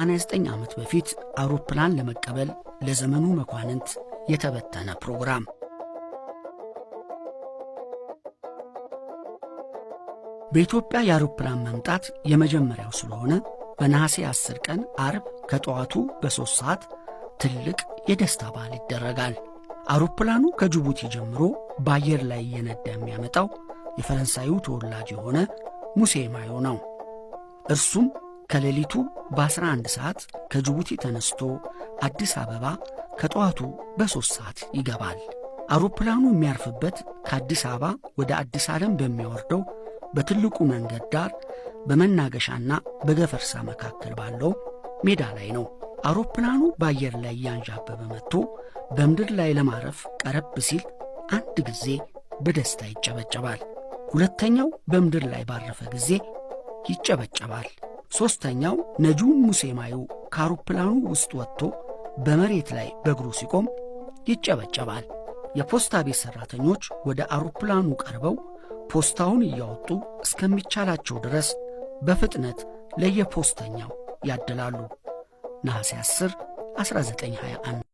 89 ዓመት በፊት አውሮፕላን ለመቀበል ለዘመኑ መኳንንት የተበተነ ፕሮግራም። በኢትዮጵያ የአውሮፕላን መምጣት የመጀመሪያው ስለሆነ በነሐሴ 10 ቀን አርብ ከጠዋቱ በሦስት ሰዓት ትልቅ የደስታ በዓል ይደረጋል። አውሮፕላኑ ከጅቡቲ ጀምሮ በአየር ላይ እየነዳ የሚያመጣው የፈረንሳዩ ተወላጅ የሆነ ሙሴ ማዮ ነው። እርሱም ከሌሊቱ በ11 ሰዓት ከጅቡቲ ተነስቶ አዲስ አበባ ከጠዋቱ በ3 ሰዓት ይገባል። አውሮፕላኑ የሚያርፍበት ከአዲስ አበባ ወደ አዲስ ዓለም በሚወርደው በትልቁ መንገድ ዳር በመናገሻና በገፈርሳ መካከል ባለው ሜዳ ላይ ነው። አውሮፕላኑ በአየር ላይ እያንዣበበ መጥቶ በምድር ላይ ለማረፍ ቀረብ ሲል አንድ ጊዜ በደስታ ይጨበጨባል። ሁለተኛው በምድር ላይ ባረፈ ጊዜ ይጨበጨባል። ሦስተኛው ነጁም ሙሴማዩ ከአውሮፕላኑ ውስጥ ወጥቶ በመሬት ላይ በእግሩ ሲቆም ይጨበጨባል። የፖስታ ቤት ሠራተኞች ወደ አውሮፕላኑ ቀርበው ፖስታውን እያወጡ እስከሚቻላቸው ድረስ በፍጥነት ለየፖስተኛው ያደላሉ። ነሐሴ 10 1921